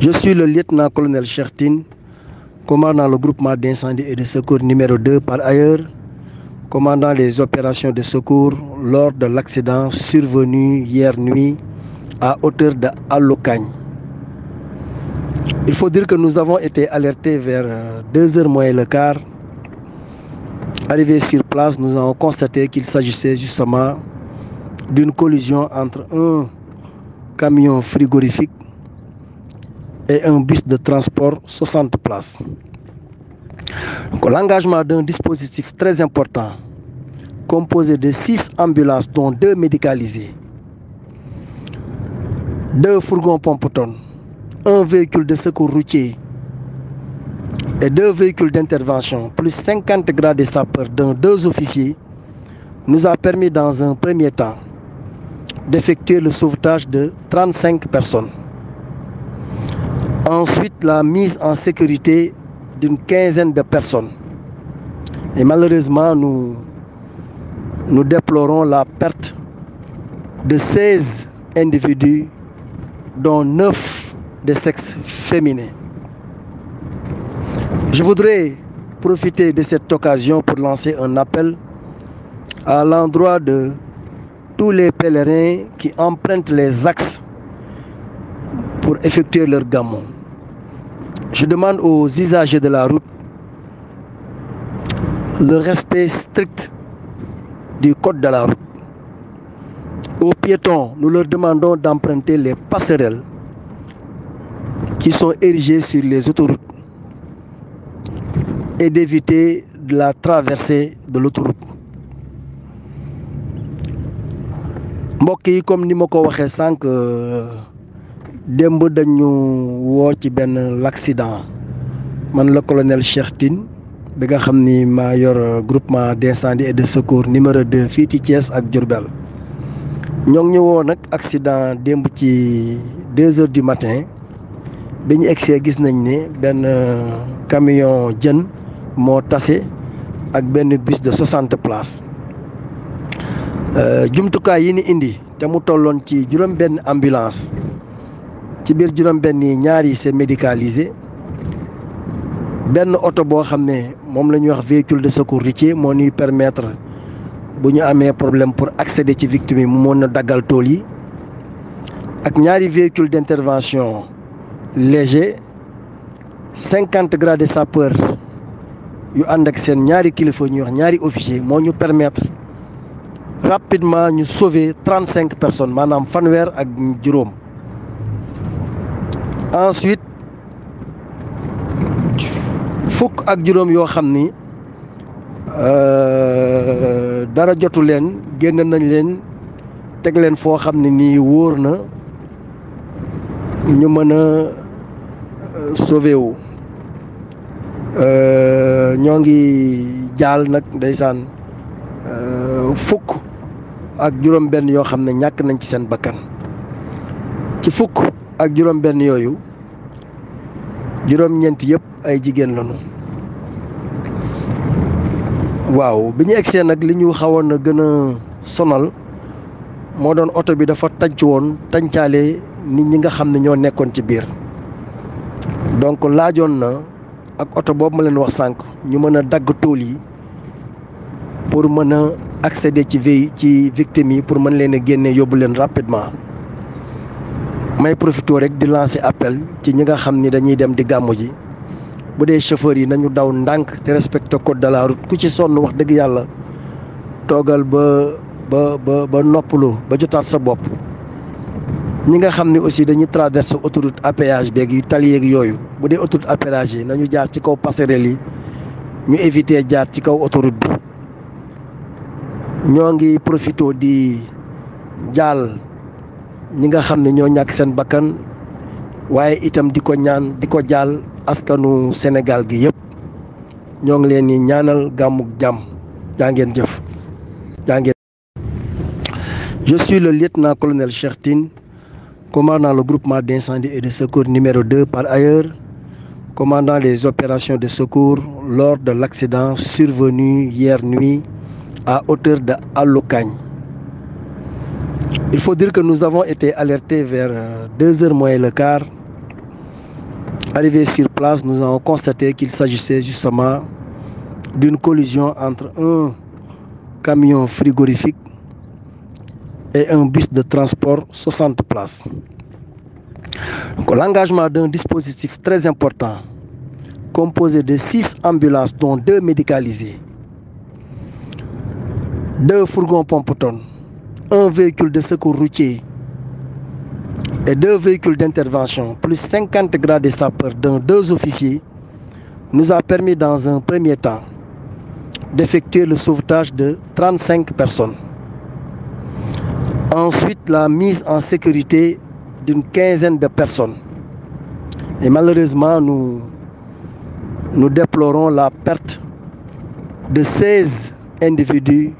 Je suis le lieutenant-colonel Chertine, commandant le groupement d'incendie et de secours numéro 2 par ailleurs, commandant les opérations de secours lors de l'accident survenu hier nuit à hauteur de Allocagne. Il faut dire que nous avons été alertés vers 2h euh, mois le quart. Arrivés sur place, nous avons constaté qu'il s'agissait justement d'une collision entre un camion frigorifique et un bus de transport 60 places. L'engagement d'un dispositif très important, composé de 6 ambulances, dont 2 médicalisées, 2 fourgons pompe-tonnes, un véhicule de secours routier et 2 véhicules d'intervention, plus 50 grades de sapeurs, dont 2 officiers, nous a permis dans un premier temps d'effectuer le sauvetage de trente cinq personnes. Ensuite, la mise en sécurité d'une quinzaine de personnes. Et malheureusement, nous, nous déplorons la perte de 16 individus, dont 9 de sexe féminin. Je voudrais profiter de cette occasion pour lancer un appel à l'endroit de tous les pèlerins qui empruntent les axes pour effectuer leur gamon. je demande aux usagers de la route le respect strict du code de la route. Aux piétons, nous leur demandons d'emprunter les passerelles qui sont érigées sur les autoroutes et d'éviter la traversée de l'autoroute. mbokk yi comme ni ma ko waxee sànq. Euh, démb dañu woo ci benn l'accident man la colonel Cheikh Tine bi nga xam ni maa yor euh, groupement d'incendie et de secours numéro de fii ci Thiès ak Diourbel ñoo ngi ñu woo nag accident démb ci deux heures du matin bi ñu see gis nañ ni benn euh, camion jën moo tase ak benn bus de soixante places euh, jumtukaay yi ni indi te mu tolloon ci juróom benn ambulance ci biir juróom-benn yi ñaar yi médicalisé benn oto boo xam ne moom la ñuy wax véhicule de secours moo nuy permettre bu ñu amee problème pour accéder ci victime yi mu mën a daggal tool yi ak ñaari véhicule d'intervention léger cinquante grade de sapeur yu ànd ak seen ñaari kilifa ñuy wax ñaari officier moo ñu permettre rapidement ñu sauver trente cinq personnes maanaam fanweer ak juróom. ensuite fukk ak juróom yoo xam ni euh, dara jotu leen génn nañ leen teg leen foo xam ne nii wóor na ñu mën a euh, sauver wu euh, ñoo ngi jaal nag ndeysaan fukk ak juróom benn yoo xam ne ñàkk nañ ci seen bakkan ci fukk ak juróom-benn yooyu juróom-ñeent yëpp ay jigéen lañu waaw bi ñu egsee nag li ñu xawoon a gën a sonal moo doon oto bi dafa tànc woon tàncaale nit ñi nga xam ne ñoo nekkoon ci biir donc laajoon na ak oto boobu ma leen wax sànq ñu mën a dagg tool yi pour mën a accéder ci vi ci victime yi pour mën leen a génne yóbbu leen rapidement may profité rek di lancer appel ci ñi nga xam ni dañuy dem di gàmmu ji bu dee chauffeur yi nañu daw ndànk te respecté code de la ku ci sonn wax dëgg yàlla toogal ba ba ba ba noppalu ba jotaat sa bopp. ñi nga xam ne aussi dañuy traverser autoroute à péage beeg yu tali yooyu bu dee autoroute à yi nañu jaar ci kaw passerelle yi ñu éviter jaar ci kaw autoroute bi ñoo ngi profité di jaal. ñi nga xam ne ñoo ñàkk seen bakkan waaye itam di ko ñaan di ko jaal askanu Sénégal gi yëpp ñoo ngi leen di ñaanal gàmmuk jàmm jaa ngeen jëf jaa ngeen Je suis le lieutenant-colonel Chertine, commandant le groupement d'incendie et de secours numéro 2 par ailleurs, commandant les opérations de secours lors de l'accident survenu hier nuit à hauteur de Allocagne. il faut dire que nous avons été alertés vers 2h euh, moins le quart. Arrivés sur place, nous avons constaté qu'il s'agissait justement d'une collision entre un camion frigorifique et un bus de transport 60 places. L'engagement d'un dispositif très important composé de 6 ambulances dont 2 médicalisées, 2 fourgons pompe-tonnes, un véhicule de secours routier et deux véhicules d'intervention, plus 50 grades de sapeurs, dont deux officiers, nous a permis dans un premier temps d'effectuer le sauvetage de 35 personnes. Ensuite, la mise en sécurité d'une quinzaine de personnes. Et malheureusement, nous, nous déplorons la perte de 16 individus,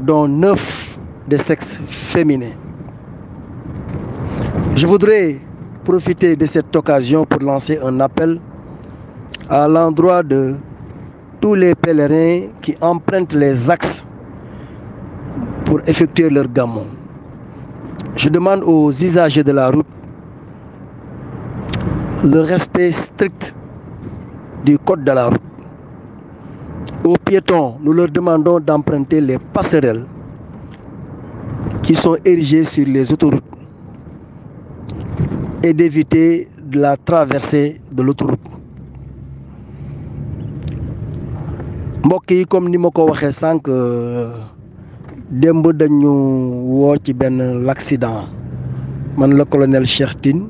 dont 9 de sexe féminin. Je voudrais profiter de cette occasion pour lancer un appel à l'endroit de tous les pèlerins qui empruntent les axes pour effectuer leur gamon. Je demande aux usagers de la route le respect strict du code de la route. Aux piétons, nous leur demandons d'emprunter les passerelles qui sont érigés sur les autoroutes et de la traversée de l'autoroute mbokk yi comme ni ma ko waxee sànq démb dañu woo ci benn l'accident man la colonel Cheikh Tine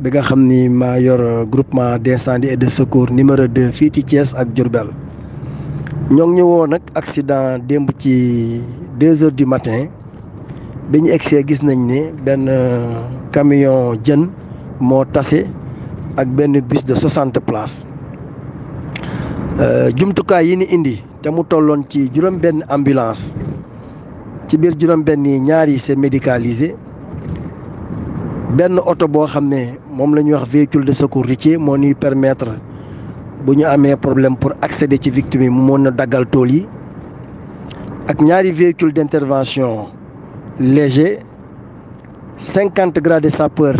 bi nga xam ni maa yor groupement d'incendie et de secours numéro 2 fii ci Thiès ak Diourbel ñoo ngi woo nag accident démb ci deux heures du matin bi ñu egsee gis nañ ni benn euh, camion jën moo tase ak benn bus de place places euh, jumtukaay yi ni indi te mu tolloon ci juróom-benn ambulance ci biir juróom-benn yi ñaar yi benn oto boo xam ne moom la ñuy wax véhicule de secours moo ñuy permettre bu ñu amee problème pour accéder ci victime yi mu mën a daggal tool yi ak ñaari véhicule d'intervention léger cinquante grade de sapeur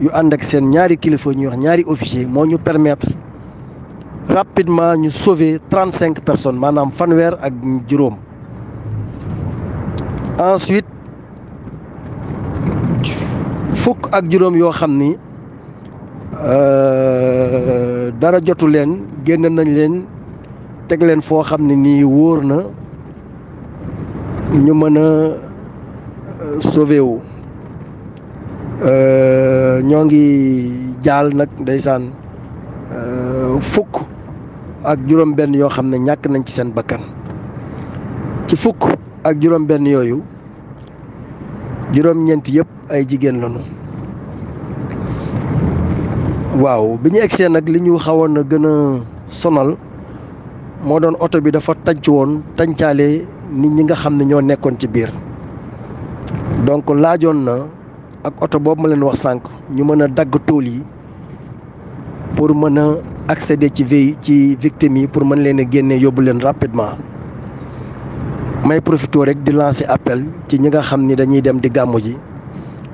yu ànd ak seen ñaari kilifa ñuy wax ñaari officier moo ñu permettre rapidement ñu sauver trente cinq personnes maanaam fanweer ak juróom ensuite fukk ak juróom yoo xam ni euh, dara jotu leen génn nañ leen teg leen foo xam ne nii wóor na ñu mën a sauvé wu euh, ñoo ngi jaal nag ndeysaan euh, fukk ak juróom-benn yoo xam ne ñàkk nañ ci seen bakkan ci fukk ak juróom-benn yooyu juróom-ñeent yëpp ay jigéen lañu waaw bi ñu egsee nag li ñu xawoon a gën a sonal moo doon oto bi dafa tànc woon tancaale nit ñi nga xam ne ñoo nekkoon ci biir. donc laajoon na ak oto boobu ma leen wax sànq ñu mën a dagg tool yi pour mën a accéder ci vi ci victimes yi pour mën leen a génne yóbbu leen rapidement may profito rek di lancer appel ci ñi nga xam ni dañuy dem di gàmmu ji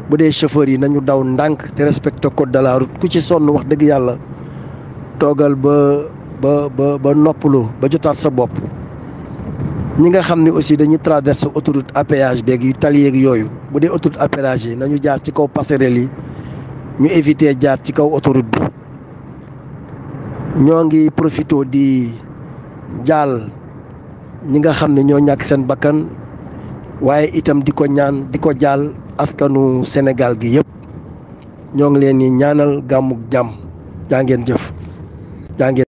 bu dee chauffeurs yi nañu daw ndànk te respecté code de la ku ci sonn wax dëgg yàlla toogal ba ba ba ba noppalu ba jotaat sa bopp. ñi nga xam ne aussi dañuy traverser autoroute à péage yu tali yeeg yooyu bu dee autoroute à yi nañu jaar ci kaw passerelle yi ñu éviter jaar ci kaw autoroute bi ñoo ngi profité di jaal ñi nga xam ne ñoo ñàkk seen bakkan waaye itam di ko ñaan di ko jaal askanu Sénégal gi yëpp ñoo ngi leen di ñaanal gàmmug jàmm jaa ngeen jëf jaa